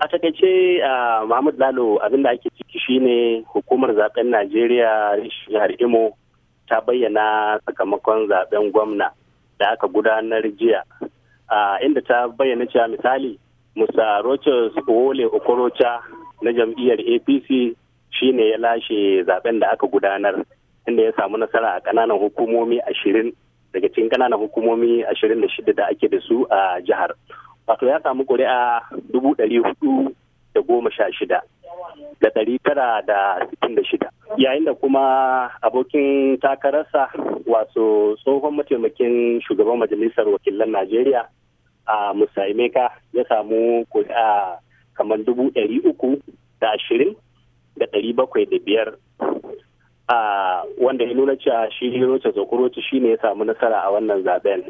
a takaice Mahmud Lalo da ake ciki shine hukumar zaben Najeriya jihar Imo ta bayyana sakamakon zaben gwamna da aka gudanar jiya inda ta bayyana cewa misali Musa Rochers Wole Okorocha na jam'iyyar APC shine ya lashe zaben da aka gudanar inda ya samu nasara a kananan hukumomi ashirin daga cikin kananan hukumomi ashirin da shida da ake da su a jihar. wato ya samu ƙuri'a dubu ɗari hudu da goma sha shida da ɗari tara da sittin da shida yayin da kuma abokin takararsa wato tsohon mataimakin shugaban majalisar wakilan najeriya a musa ya samu kuri'a kamar dubu ɗari uku da ashirin da ɗari bakwai da biyar wanda ya nuna cewa shi rocha shi shine ya samu nasara a wannan zaben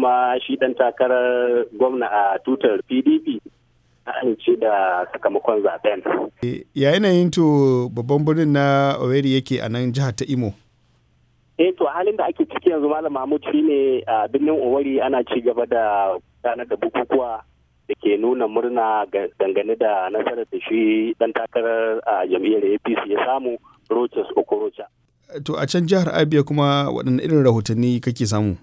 kuma shi dan takarar gwamna a tutar pdp ce da sakamakon zaben ya yanayin to babban birnin na oweri yake a nan jihar ta imo e to halin da ake ciki yanzu malam mahmud shi ne a birnin oweri ana ci gaba da gudanar da bukukuwa da ke nuna murna dangane da nasarar da shi dan takarar a jam'iyyar apc ya samu rochas okorocha to a can jihar abia kuma waɗanne irin rahotanni kake samu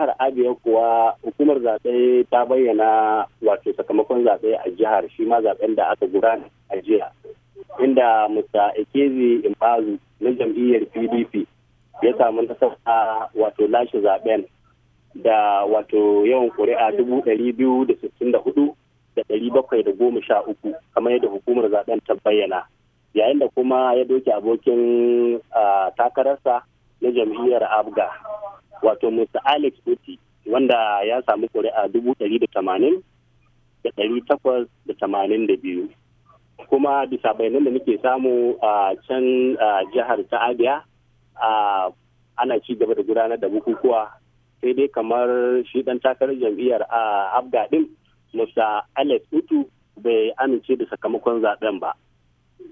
jihar Abia kuwa hukumar zaɓe ta bayyana wato sakamakon zaɓe a jihar shi ma zaɓen da aka gudana a jiya. Inda Musa Ekezi Imbazu na jam'iyyar PDP ya samu nasara wato lashe zaɓen da wato yawan ƙuri'a dubu ɗari biyu da sittin da hudu da ɗari bakwai da goma sha uku kamar yadda hukumar zaɓen ta bayyana. Yayin da kuma ya doke abokin ah, takararsa na jam'iyyar Abga wato Mr. Alex Oti wanda ya samu kuri'a dubu ɗari da tamanin da ɗari takwas da tamanin da biyu. Kuma bisa bayanan da muke samu a can jihar ta Abia ana ci gaba da gudanar da bukukuwa sai dai kamar shi ɗan takarar jam'iyyar Abga ɗin Mr. Alex Utu bai amince da sakamakon zaben ba.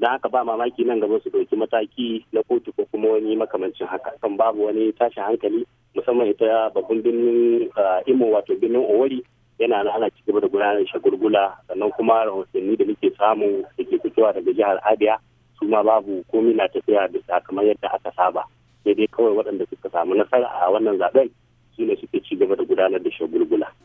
don haka ba mamaki nan gaba su ɗauki mataki na kotu ko kuma wani makamancin haka kan babu wani tashin hankali musamman ita babban birnin uh, imo wato birnin owari yana nan ana ci gaba da gudanar shagulgula sannan kuma rahotanni da muke samu da ke fitowa daga jihar abia su ma babu komi na tafiya sa kamar yadda aka saba sai dai kawai waɗanda suka samu nasara a wannan zaben su ne suke ci gaba da gudanar da shagulgula.